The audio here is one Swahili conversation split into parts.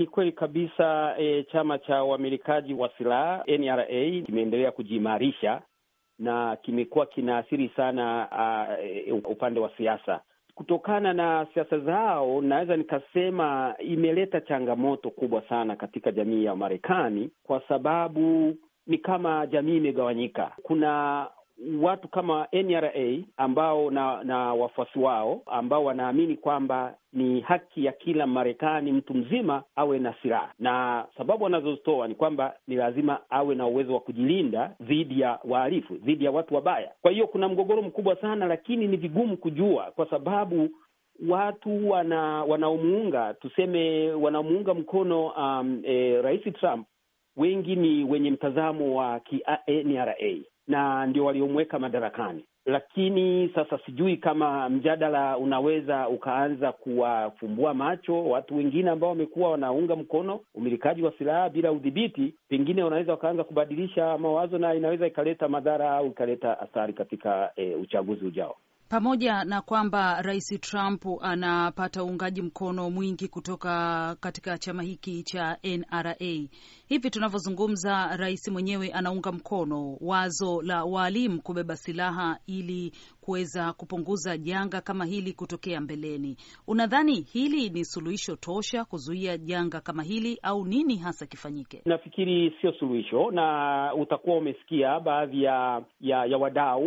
ni kweli kabisa e, chama cha uamilikaji wa silaha NRA kimeendelea kujiimarisha na kimekuwa kinaathiri sana e, upande wa siasa. Kutokana na siasa zao, naweza nikasema imeleta changamoto kubwa sana katika jamii ya Marekani, kwa sababu ni kama jamii imegawanyika. Kuna watu kama NRA ambao na, na wafuasi wao ambao wanaamini kwamba ni haki ya kila Marekani mtu mzima awe na silaha, na sababu wanazozitoa ni kwamba ni lazima awe na uwezo wa kujilinda dhidi ya wahalifu, dhidi ya watu wabaya. Kwa hiyo kuna mgogoro mkubwa sana, lakini ni vigumu kujua kwa sababu watu wana wanaomuunga tuseme, wanaomuunga mkono um, e, Rais Trump wengi ni wenye mtazamo wa ki eh, NRA na ndio waliomweka madarakani. Lakini sasa sijui kama mjadala unaweza ukaanza kuwafumbua macho watu wengine ambao wamekuwa wanaunga mkono umilikaji wa silaha bila udhibiti, pengine wanaweza wakaanza kubadilisha mawazo na inaweza ikaleta madhara au ikaleta athari katika e, uchaguzi ujao pamoja na kwamba Rais Trump anapata uungaji mkono mwingi kutoka katika chama hiki cha NRA, hivi tunavyozungumza, rais mwenyewe anaunga mkono wazo la waalimu kubeba silaha ili kuweza kupunguza janga kama hili kutokea mbeleni. Unadhani hili ni suluhisho tosha kuzuia janga kama hili au nini hasa kifanyike? Nafikiri sio suluhisho, na utakuwa umesikia baadhi ya, ya, ya wadau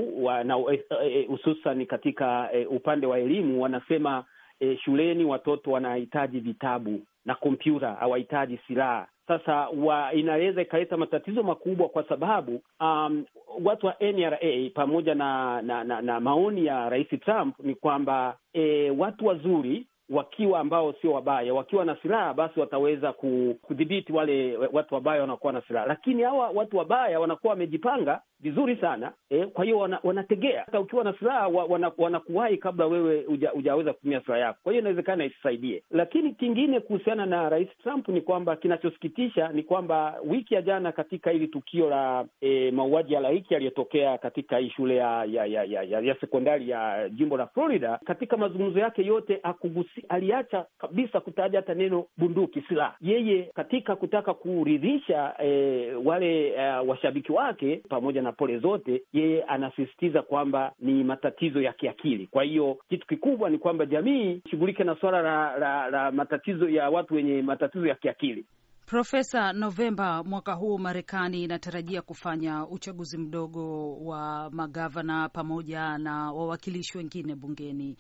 eh, eh, hususan katika e, upande wa elimu wanasema e, shuleni watoto wanahitaji vitabu na kompyuta, hawahitaji silaha. Sasa wa, inaweza ikaleta matatizo makubwa kwa sababu um, watu wa NRA pamoja na, na, na, na maoni ya Rais Trump ni kwamba e, watu wazuri wakiwa ambao sio wabaya, wakiwa na silaha basi wataweza kudhibiti wale watu wabaya wanakuwa na silaha, lakini hawa watu wabaya wanakuwa wamejipanga vizuri sana eh. Kwa hiyo wana, wanategea hata ukiwa na silaha wanakuwahi wana kabla wewe hujaweza uja kutumia silaha yako. Kwa hiyo inawezekana isisaidie, lakini kingine kuhusiana na Rais Trump ni kwamba kinachosikitisha ni kwamba wiki ya jana katika hili tukio la eh, mauaji ya laiki yaliyotokea katika hii shule ya ya, ya, ya, ya, ya sekondari ya jimbo la Florida, katika mazungumzo yake yote akugusi, aliacha kabisa kutaja hata neno bunduki, silaha. Yeye katika kutaka kuridhisha eh, wale eh, washabiki wake pamoja na pole zote yeye anasisitiza kwamba ni matatizo ya kiakili. Kwa hiyo kitu kikubwa ni kwamba jamii shughulike na suala la, la, la matatizo ya watu wenye matatizo ya kiakili. Profesa, Novemba mwaka huu Marekani inatarajia kufanya uchaguzi mdogo wa magavana pamoja na wawakilishi wengine bungeni.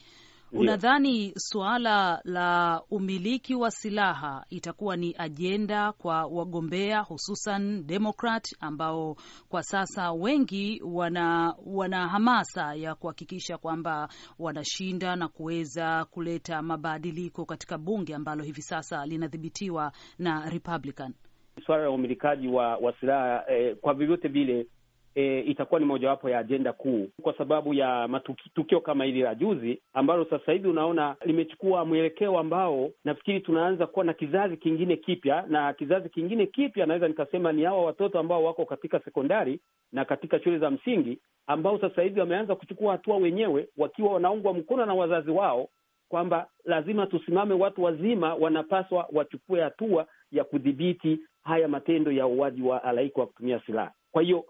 Unadhani suala la umiliki wa silaha itakuwa ni ajenda kwa wagombea hususan demokrat ambao kwa sasa wengi wana, wana hamasa ya kuhakikisha kwamba wanashinda na kuweza kuleta mabadiliko katika bunge ambalo hivi sasa linadhibitiwa na Republican. Suala la umilikaji wa, wa silaha eh, kwa vyovyote vile e, itakuwa ni mojawapo ya ajenda kuu kwa sababu ya matukio kama hili la juzi ambalo sasa hivi unaona limechukua mwelekeo ambao nafikiri tunaanza kuwa na kizazi kingine kipya, na kizazi kingine kipya naweza nikasema ni hawa watoto ambao wako katika sekondari na katika shule za msingi ambao sasa hivi wameanza kuchukua hatua wenyewe wakiwa wanaungwa mkono na wazazi wao kwamba lazima tusimame, watu wazima wanapaswa wachukue hatua ya kudhibiti haya matendo ya uwaji wa halaiki wa kutumia silaha. Kwa hiyo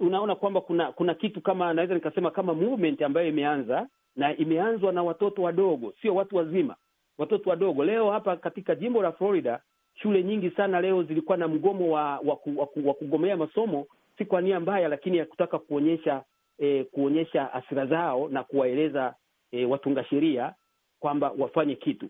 unaona kwamba kuna kuna kitu kama naweza nikasema kama movement ambayo imeanza na imeanzwa na watoto wadogo, sio watu wazima, watoto wadogo. Leo hapa katika jimbo la Florida shule nyingi sana leo zilikuwa na mgomo wa wa, wa, wa kugomea masomo, si kwa nia mbaya, lakini ya kutaka kuonyesha eh, kuonyesha hasira zao na kuwaeleza eh, watunga sheria kwamba wafanye kitu.